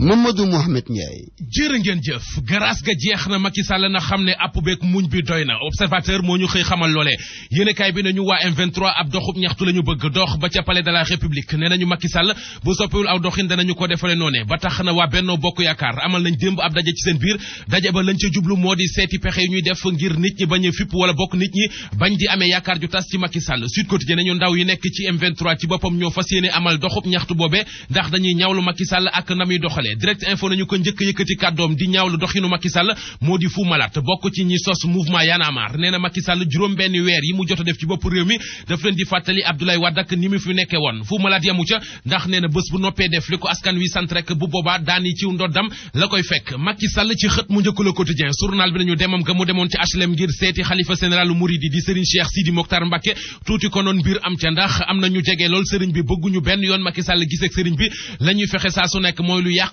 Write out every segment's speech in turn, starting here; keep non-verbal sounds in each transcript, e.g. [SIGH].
Mamadou Mouhamed Ndiaye jërë ngeen jëf garaas ga jeex na Macky Sall na xam ne àpp beeg muñ bi doy na observateur moo ñu xëy xamal loole yéenekaay bi nañu waa M23 ab doxub ñaxtu la ñu bëgg dox ba ca palais de la république nee nañu Macky Sall bu soppiwul aw doxin danañu ko defale noone ba tax na waa benn Bokk Yaakaar amal nañ démb ab daje ci seen biir daje ba lañ ca jublu moo di seeti pexe yu ñuy def ngir nit ñi bañ a fipp wala bokk nit ñi bañ di amee yaakaar ju tas ci Macky Sall Sud Quotidien nañu ndaw nekk ci M23 ci boppam ñoo fas yéene amal doxub ñaxtu boobe ndax dañuy ñawlu Macky Sall ak na muy doxale loolee direct info nañu ko njëkk yëkkati kàddoom di ñaawlu doxinu Macky moo di Fou Malade bokk ci ñi sos mouvement Y'en a marre juróom benn weer yi mu jot a def ci bopp réew mi daf leen di fàttali Abdoulaye Wade ni mu fi nekke woon Fou Malade yamu ca ndax nee bés bu noppee def li ko askan wi sant rek bu boobaa daan yi ciw ndoddam la koy fekk Macky ci xët mu njëkk Le Quotidien bi nañu demam ga mu demoon ci HLM ngir seeti xalifa généralu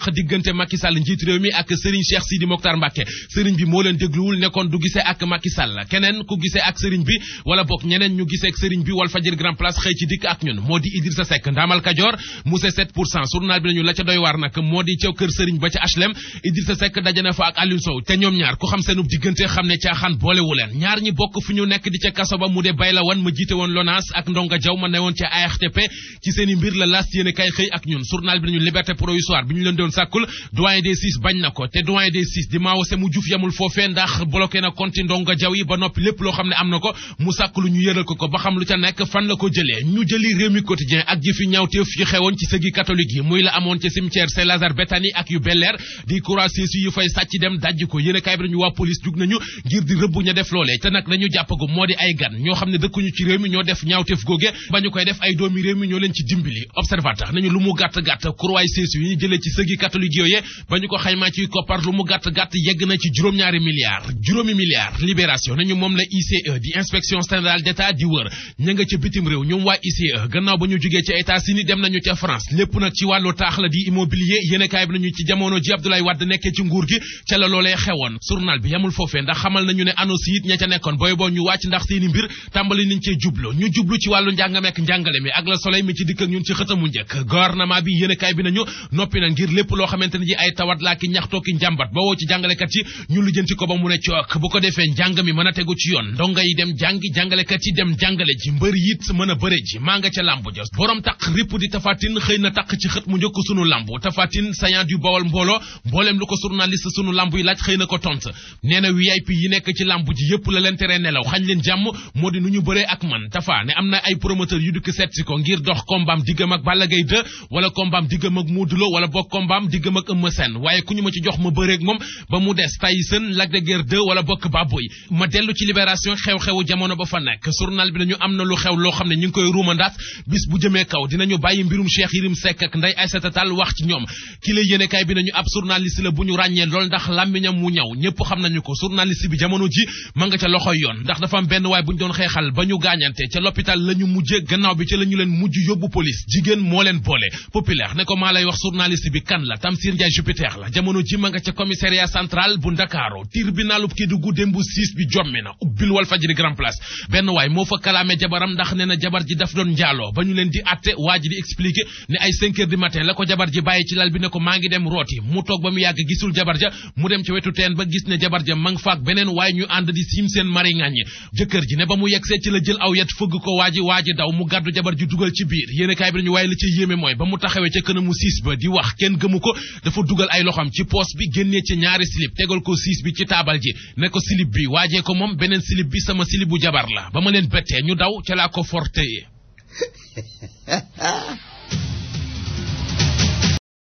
dox diggante Macky Sall njiit réew mi ak Serigne Cheikh Sidi Mokhtar Mbacke Serigne bi moo leen dégluwul nekkoon du gisee ak Macky Sall keneen ku gisee ak Serigne bi wala boog ñeneen ñu gisee ak bi wal fajir grand place xëy ci dikk ak ñun moo di Idrissa Seck ndaamal Kajoor mu se bi nañu la ca doy waar nag moo di ca kër Serigne ba ca HLM Idrissa Seck dajana fa ak Aliou Sow te ñoom ñaar ku xam seenub diggante xam ne caaxaan boolewu leen ñaar ñi bokk fu ñu nekk di sàkkul bañ na ko te doyen des six di Maodo Sémou Diouf yamul foofee ndax bloqué na compte ndongo yi ba noppi lépp loo xam ne am na ko mu sàkk ñu yëral ko ko ba xam lu ca nekk fan la ko jëlee ñu jëli réew mi quotidien ak ak yu belleer fay sàcc dem dajj ko yéen a bi dañu waa police jug nañu ngir di rëbb ña def loolee te nag lañu jàpp moo di ay gan ñoo xam ne dëkkuñu ci réew mi ñoo def ñaawteef góoge ba ñu koy def ay doomi réew mi ñoo leen ci dimbali observateur ci catholique yooye ba ñu ko xaymaa ci koppar lu mu gàtt-gàtt yegg na ci juróom-ñaari milliards juróomi milliards libération nañu moom la ICE di inspection générale d'état di wër ña ca bitim réew ñoom waa ICE gannaaw ba ñu jógee ca États-Unis dem nañu ca France lépp nag ci wàllu taax la di immobilier yéenekaay bi nañu ci jamono ji Abdoulaye Wade nekkee ci nguur gi ca la loolee xewoon journal bi yamul foofee ndax xamal nañu ne ANOCI it ña ca nekkoon booy lépp loo xamante ni ji ay tawat laa ki ñaxtoo ki njàmbat ba woo ci jàngalekat yi ñu lijjanti ko ba mu ne cook bu ko defee njàng mi mën a tegu ci yoon ndonga yi dem jàngi jàngalekat yi dem jàngale ji mbër it mën a bëre ji maa nga ca làmb ja borom taq ripp di tafatin xëy na taq ci xët mu njëkk sunu làmb tafatin sayan du bawal mbooloo mbooleem lu ko journaliste sunu làmb yi laaj xëy na ko tont nee na VIP yi nekk ci làmb ji yëpp la leen tere nelaw jàmm moo di nu ñu bëree ak man tafa ne am na ay promoteur yu dikk seetsi ko ngir dox kombaam diggam ak Balla Gaye 2 wala kombaam diggam ak Modou combat diggam ak Eumeu Sène waaye ku ñu ma ci jox ma bëreeg moom ba mu des Tyson Lac de Guiers 2 wala bokk Baboy ma dellu ci libération xew-xewu jamono ba fa nekk journal bi nañu am na lu xew loo xam ne ñu ngi koy ruumandaat bis bu jëmee kaw dinañu bàyyi mbirum Cheikh Yérim Seck ak Ndeye Aïssata Tall wax ci ñoom ki lay yéenekaay bi nañu ab journaliste la bu ñu ràññee lool ndax làmmiñam mu ñaw ñëpp xam nañu ko journaliste bi jamono ji ma nga ca loxoy yoon ndax dafa am benn waay bu ñu ba ñu gaañante ca l'hôpital la la ñu leen mujj yóbbu police jigéen la Tamsir Ndiaye Jupiter la jamono ji ma nga ca commissariat central bu Ndakaaru bi ko jabar ji bàyyi ci lal bi ne ko maa ngi dem rooti mu toog ba mu yàgg gisul jabar ja mu dem ci wetu teen ba gis ne jabar ja ma nga faak beneen waaye ñu ànd di siim seen mari ngàññi jëkkër ji ne ba mu yegsee ci la jël aw yet fëgg ko waa ji daw mu gàddu jabar ji dugal ci biir yéene bi nañu waaye la ca yéeme mooy ba mu taxawee ca kanamu siis ba di wax kenn gëmu moomu ko dafa dugal ay loxoom ci poos bi génnee ci ñaari slip tegal ko siis bi ci taabal ji ne ko slip bi waajee ko moom beneen slip bi sama slip bu jabar la ba ma leen bettee ñu daw ca laa ko forteye [LAUGHS]